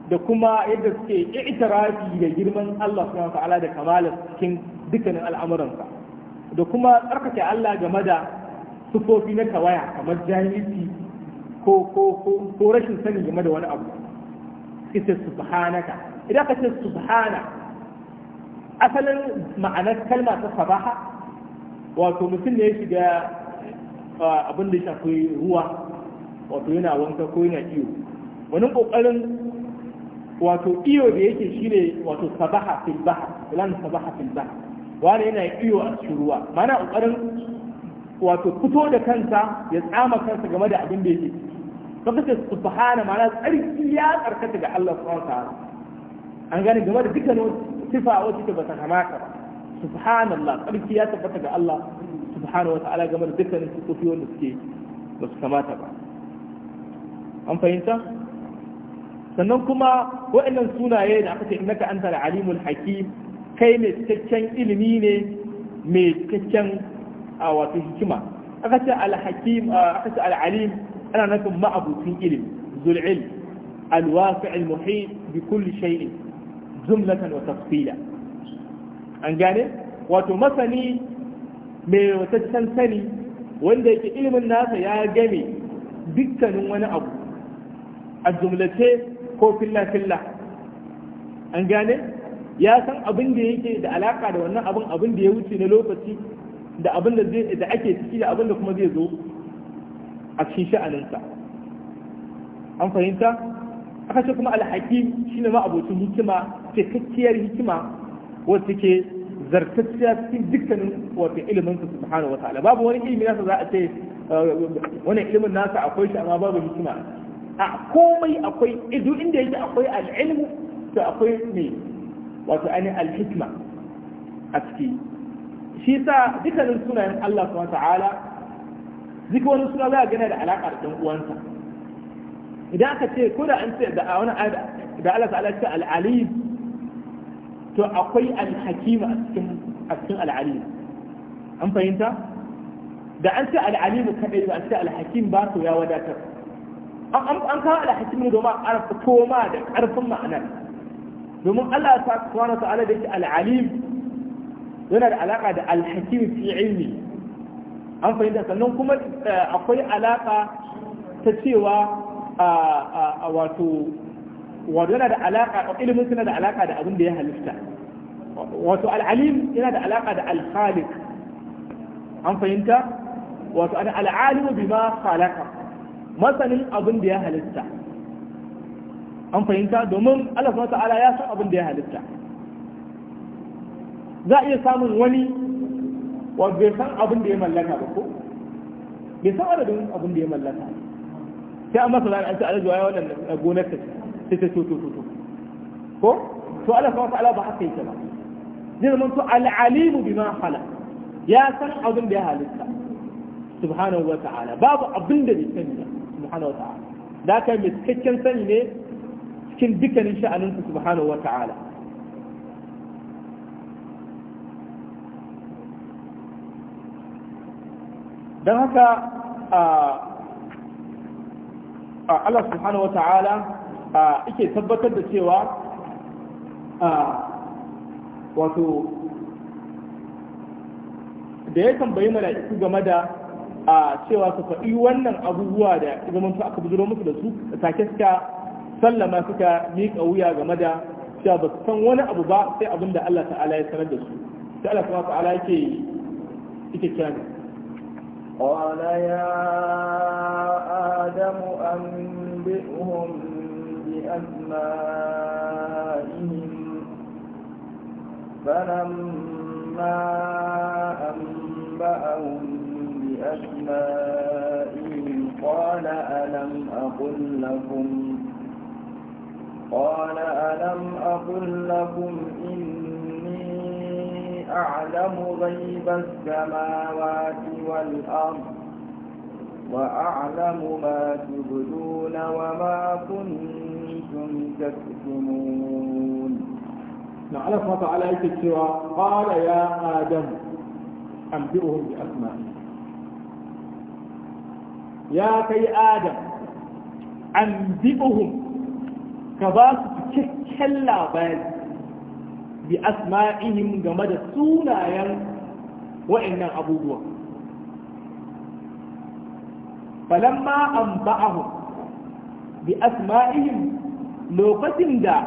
da kuma yadda suke rafi da girman Allah subhanahu wa ta'ala da kamalar cikin dukkanin al'amuransa da kuma tsarkake Allah game da sufofi na tawaya kamar jahilci ko ko ko rashin sani game da wani abu ita subhanaka idan ka ce subhana asalin ma'anar kalma ta sabaha wato mutum ne ya shiga abin da ya shafi ruwa wato yana wanka ko yana iyo wani kokarin wato iyo da yake shine wato sabaha fil bahr ilan sabaha fil bahr wani yana iyo a cikin ruwa mana ƙoƙarin wato fito da kansa ya tsama kansa game da abin da yake saboda subhana mana tsarki ya tsarkata ga Allah subhanahu ta'ala an gani game da dukkanin sifa wacce ba ta kamata ba subhanallah tsarki ya tabbata ga Allah subhanahu wa ta'ala game da dukkanin sifofi wanda suke ba su kamata ba an fahimta sannan kuma waɗannan sunaye da aka ce innaka anta al-alimul hakim kai mai cikakken ilimi ne mai cikakken a wato hikima aka ce alhakim aka ce alalim ana nufin ma'abucin ilimi zul'il alwasi almuhit bi kulli shay'in jumlatan wa tafsila an gane wato masani mai wataccen sani wanda yake ilimin nasa ya game dukkanin wani abu a jumlace ko filla-filla an gane ya san abin da yake da alaka da wannan abin abin da ya wuce na lokaci da abin da zai da ake ciki da abin da kuma zai zo a cikin sha'aninsa an fahimta aka ce kuma alhaki ne ma abocin hikima cikakkiyar hikima wacce ke zartacciya cikin dukkanin wato ilimin su subhanahu wa ta'ala babu wani ilimin nasa za a ce uh, wani ilimin nasa akwai shi amma babu hikima a komai akwai idu inda yake akwai al'ilmu to akwai mai. wato ainihin alhikma a ciki shi sa dukkanin sunayen Allah subhanahu ta'ala duk wani suna za a gane da alaƙa da ɗan uwansa idan aka ce ko da an ce da wani da Allah ta'ala ce al'alim to akwai alhakima a cikin a cikin al'alim an fahimta da an ce al'alim kaɗai ba an ce alhakim ba su ya wadatar an kawo alhakim ne domin a arfa koma da ƙarfin ma'anar domin Allah ta subhanahu ta'ala da yake al-alim yana da alaka da al-hakim fi ilmi an fahimta sannan kuma eh, akwai alaka ta cewa wato wato yana da alaka ilimin suna da alaka da abin da ya halitta wato al-alim yana da alaka da al-khaliq an fahimta wato al-alimu bima khalaqa masanin abin da ya halitta an fahimta domin Allah subhanahu ta'ala ya san abin da ya halitta za a iya samun wani wa bai san abin da ya mallaka ba ko bai san adadin abin da ya mallaka sai an masa lana an ce alaji wa yawan gonar ta sai ta toto toto ko to Allah subhanahu ta'ala ba haka yake ba zai zama to al'alimu bima khala ya san abin da ya halitta subhanahu wa ta'ala babu abin da bai sani ba subhanahu wa ta'ala da kai mai cikakken sani ne cikin dukkanin su subhanahu wa ta'ala don haka Allah subhanahu wa ta'ala ike tabbatar da cewa wato da ya tambayi mala'iku game da a cewa su faɗi wannan abubuwa da zaman aka bujiro musu da su take suka sallama suka miƙa wuya game da cewa ba su san wani abu ba sai abin da Allah ta'ala ya sanar da su sai Allah kuma ta'ala yake yake kira ne قال يا آدم أنبئهم بأسمائهم فلما أنبأهم بأسمائهم قال ألم أقل لكم قال ألم أقل لكم إني أعلم غيب السماوات والأرض وأعلم ما تبدون وما كنتم تكتمون نعلم ما تعالى يكتشوا قال يا آدم أنبئهم بأسمائهم يا كي آدم أنبئهم ka ba su cikakken labari bi asma'ihim game da sunayen wa'annan abubuwa falamma an ba'ahu bi asma'ihim lokacin da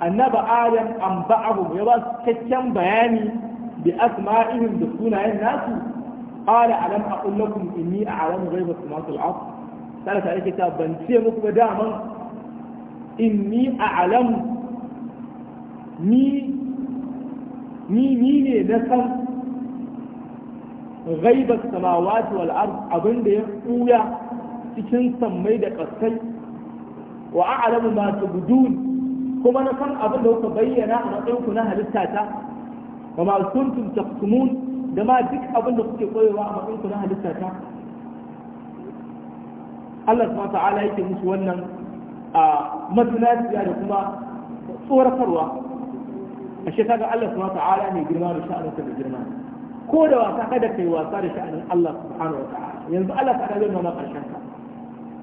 annaba adam an ba'ahu ya ba su cikakken bayani bi asma'ihim da sunayen nasu qala alam aqul lakum inni a'lamu ghaiba samawati wal ard sai ta yake ta ban ce muku ba daman inni a'lamu ni ni ni ne na san ghaibar samawati wal ard abin da ya tsuya cikin sammai da kasai wa a'lamu ma tubdun kuma na san abin da kuka bayyana a matsayin ku na halitta ta wa ma kuntum taqtumun da ma duk abin da kuke koyewa a matsayin ku na halitta ta Allah subhanahu wa ta'ala yake musu wannan a matinaciya da kuma tsoratarwa a shekaga Allah subhanahu wa ta'ala ne girma da sha'aninsa da girma ko da wasa kada kai wasa da sha'anin Allah subhanahu wa ta'ala yanzu Allah ta'ala zai nuna karshen ka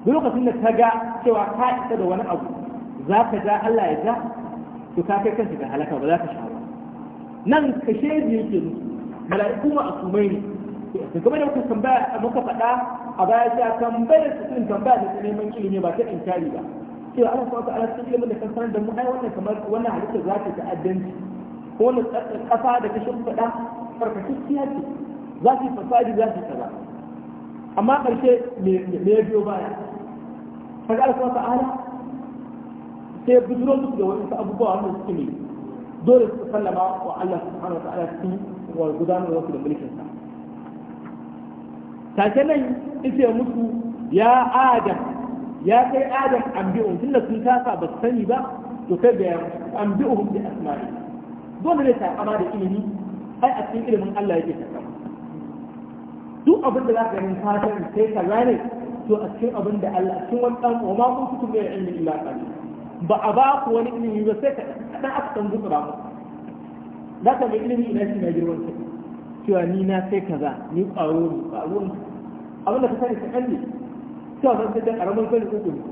duk lokacin da ka ga cewa ka isa da wani abu za ka ja Allah ya ja to ka kai kanka ga halaka ba za ka sha ba nan ka shezi yake musu mala'iku ma asumai ne da kuma da muka tambaya muka faɗa a baya ta tambayar su tambaya da neman ilimi ba ta inkari ba cewa ana kuma ta'ala cikin ilimin da kan sanar da mu ai wannan kamar wannan halitta za ta ta'addanci ko da ce za su yi fasadi za su kaza amma ƙarshe me ya biyo baya kaga sai bujiro da wani abubuwa wanda suke dole su sallama wa Allah subhanahu wa ta'ala wa gudanar da mulkin sa take nan musu ya adam ya kai adam ambi'un tunda sun kasa ba su sani ba to kai ga ambi'uhum bi asma'i dole ne ta kama da ilimi ai a cikin ilimin Allah yake ta duk abin da za zaka yi fatan sai ka gane to a cikin abin da Allah a cikin wani dan wa ma kuntum bi ilmin illa qalil ba a ba ku wani ilimi ba sai ka dan aka san zuwa ba zaka mai ilimi ina shi mai girman sa cewa ni na sai kaza ni ƙwaro ne ƙwaro ne abin da ka sani ka ne to san ta karamin sani uku ne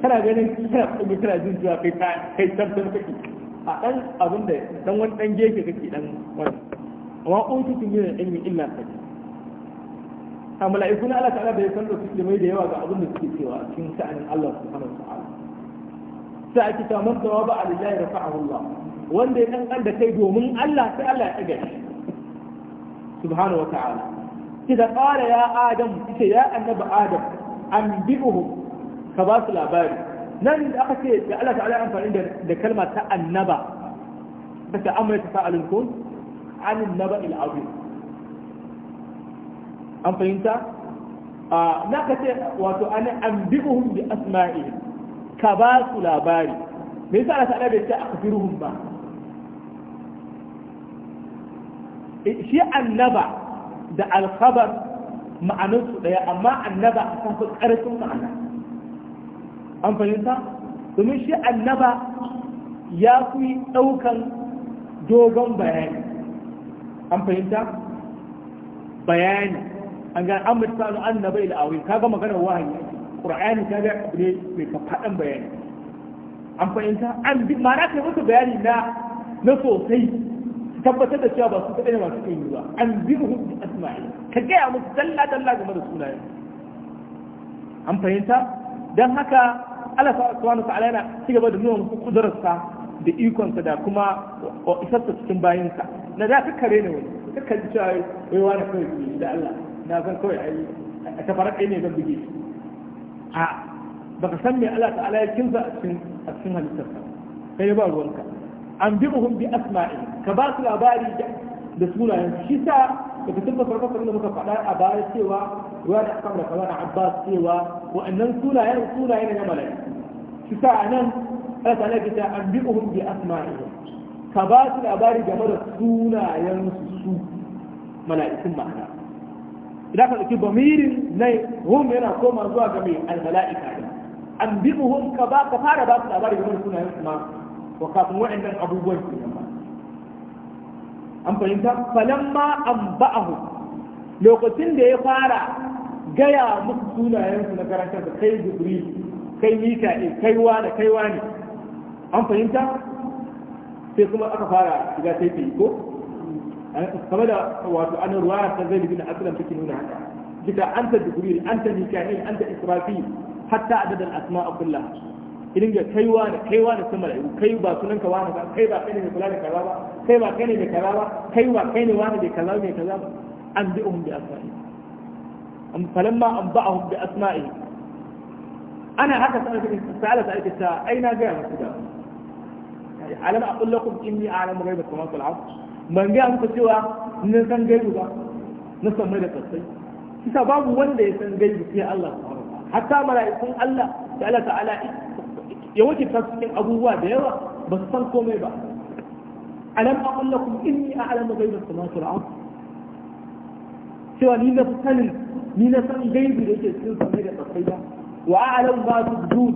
kana ganin kana kuma kana jin cewa kai kai san kake a dan abin da dan wani dan gefe kake dan wani amma utu tun yana ilmi illa kai a mala'iku na Allah ta'ala da ya san da su mai da yawa ga abin da suke cewa cikin sha'anin Allah subhanahu wa ta'ala sai ake ta man tawaba alillahi rafa'ahu Allah wanda ya dan da kai domin Allah sai Allah ya ɗaga shi subhanahu wa ta'ala إذا قال ya آدم إذا يا النبي آدم an bi'uhu ka ba su labari nan da aka ce da Allah ta'ala amfani da kalma ta annaba ta ce amma ta sa'alun kun an naba il azim an fahimta a na ka ce wato an an bi'uhum bi asma'i ka ba su labari me yasa Allah ta'ala bai ce akhbiruhum ba eh, shi annaba da alkhabar ma'anarsu ɗaya amma annaba a fi ƙarfin ma'ana an fahimta domin shi annaba ya fi ɗaukan dogon bayani an fahimta bayani an gani an mutu annaba ila awin kaga maganar wahayi ƙur'ani ta ga abu ne mai faɗan bayani an fahimta an bi ma'ana kai musu bayani na na sosai tabbatar da cewa ba su kaɗai masu kai yi ba an bi ruhu bi asma'i ka gaya musu dalla dalla game da sunayen an fahimta don haka Allah subhanahu wa ta'ala yana cigaba da nuna musu kudurarsa da ikonsa da kuma isarsa cikin bayinsa. na da ka kare ne wani kakkan cewa wai wani kawai ke da Allah na san kawai a tafarar ne zan buge shi a baka san me Allah ta'ala ya kinsa a cikin halittarsa kai ba ruwanka an bi muhum bi asma'i ka ba su labari da sunayen shi sa daga cikin farfasar da muka faɗa a baya cewa ruwa da aka da kaza da abbas cewa wa'annan sunayen sunayen na mala'i shi sa a nan ala ta nabi ta an bi muhum bi asma'i ka ba su labari game da sunayen su mala'ikun ma'ana idan ka ɗauki bamirin na hum yana koma zuwa ga mai al-mala'ika an bi muhun ka ba ka fara ba su labari game da sunayen su ma Wa kafin waɗannan abubuwan su nan an fahimta falamma an ba'ahu lokacin da ya fara gaya musu sunayensu na karantar da kai jibril kai mika'il kaiwa da kaiwa ne an fahimta sai kuma aka fara shiga sai ta ko eh, Kama da wato an ruwa ta zai bin aslam take nuna haka kita anta jibril anta mika'il anta israfil hatta adadal asma'a kullaha ilinga kaiwa da kaiwa da sun mala'iku kai ba sunan ka wani ba kai ba kai ne kula da kaza ba kai ba kai ne mai kaza ba kai ba kai ne wani da kaza mai kaza ba an bi uhum bi asma'i am falamma an ba'ahum bi asma'i ana haka sa'ala sa'ala ta aina ga musu da alam aqul lakum inni a'lamu ghaiba samawati wal ard ban ga muku cewa ni san gaibu ba na san mai da tsatsai kisa babu wanda ya san gaibu sai Allah subhanahu wa ta'ala hatta mala'ikun Allah da Allah ta'ala ya wuce ta cikin abubuwa da yawa ba su san komai ba alam aqul inni a'lamu ghaiba samawati wal ard cewa ni na sanin ni na san gaibi da yake cikin samai da tsafai ba wa a'lamu ma tubdun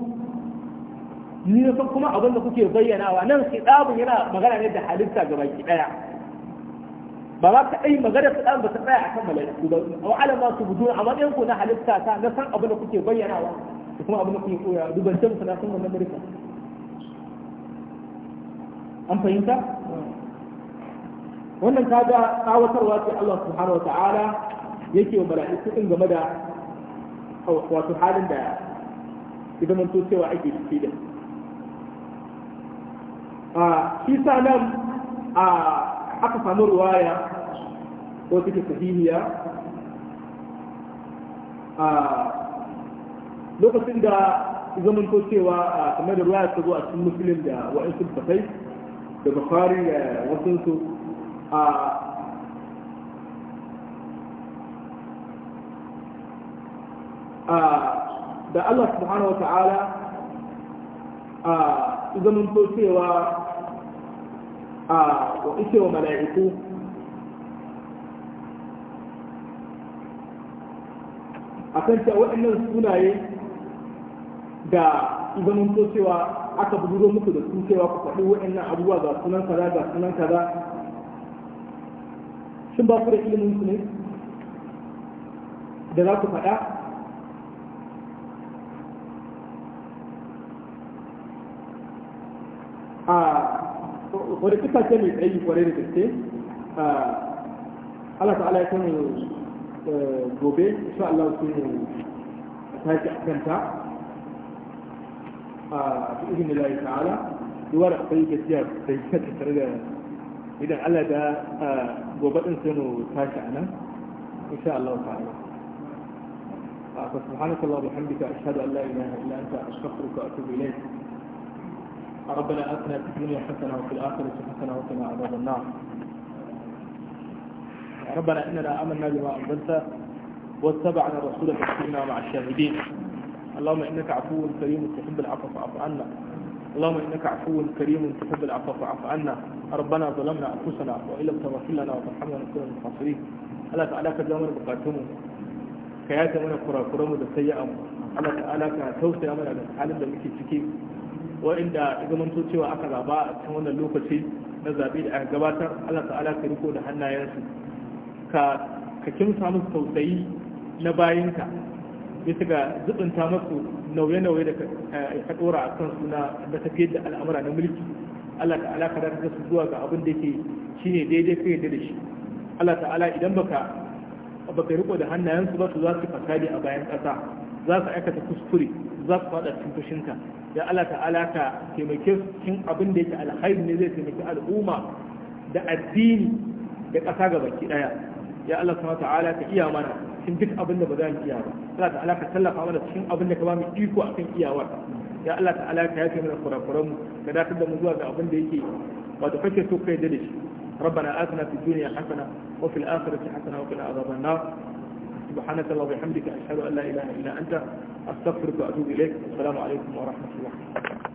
ni na san kuma abin da kuke bayyanawa nan kitabun yana magana ne da halitta gaba ki daya ba ka kaɗai magana ta ɗan ba ta tsaya a kan mala'iku ba wa alama su buduna a matsayin ku na halitta ta na san abin da kuke bayyanawa da kuma abin da kuke koya dubance muku na sun wannan barka an fahimta wannan kaga tsawatarwa ce Allah subhanahu wa ta'ala yake wa mala'iku din game da wato halin da idan mun to cewa ake ciki da a shi sa nan a aka samu ruwaya ko take sahihiya a lokacin da zaman ko cewa kamar da ruwa ta zo a cikin musulun da wa'ansu fatai da bukari da wasansu a da Allah subhanahu wa ta'ala a zaman to cewa a wa ishe wa mala'iku a kan ta waɗannan sunaye da ibanin to cewa aka buduro muku da su cewa ku faɗi wa'annan abubuwa ga sunan kaza ga sunan kaza shin ba ku da ilimin su ne da za ku faɗa a wadda kuka ce mai tsayi kware da gaske Allah ta'ala ya kan eh, gobe insha Allah su ne a tashi a kanta آه، بإذن الله تعالى يوارع طيب جاب طيب تترجع إذا على ده وبدأ إنسان تاشعنا إن شاء الله تعالى فسبحانك الله وبحمدك أشهد أن لا إله إلا أنت أشكرك وأتوب إليك ربنا أتنا في الدنيا حسنة وفي الآخرة حسنة وقنا عذاب النار ربنا إننا آمنا بما أنزلت واتبعنا الرسول فاكتبنا مع الشاهدين اللهم إنك عفو كريم تحب العفو فاعف عنا اللهم إنك عفو كريم تحب العفو فاعف عنا ربنا ظلمنا أنفسنا وإن لم تغفر لنا وترحمنا لنكون من الخاسرين Allah ta'ala ka zama bukatunmu ka yace mana kurakuranmu da sayyamu Allah ta'ala ka tausaya mana da halin da muke ciki wa'inda ya zamanto cewa aka raba a cikin wannan lokaci na zaɓe da aka gabatar Allah ta'ala ka riko da hannayensu ka ka kimsa tausayi na bayinka bisa ga zubinta masu nauye-nauye da ka eh, dora a kan suna da tafiyar da al'amura na mulki Allah ta'ala ka da su zuwa ga abin da ke shi ne daidai kai da shi Allah ta'ala idan baka baka riko da hannayensu ba su za su fasadi a bayan ƙasa za su aikata kuskure za su faɗa cikin fushinka da Allah ta'ala ka taimake su cikin abin da yake alkhairi ne zai taimaki al'umma da addini da ƙasa ga baki ɗaya ya Allah ta'ala ka iya mana cikin duk abin da ba za mu iya ba Allah ta'ala ka tallafa mana cikin abin da ka ba mu iko akan iyawar ya Allah ta'ala ka yafe mana kurakuran mu ka dakatar da mu zuwa ga abin da yake wato kake so kai da shi ربنا آتنا في الدنيا حسنة وفي الآخرة حسنة وقنا عذاب النار سبحانك اللهم وبحمدك أشهد أن لا إله إلا أنت أستغفرك وأتوب إليك والسلام عليكم ورحمة الله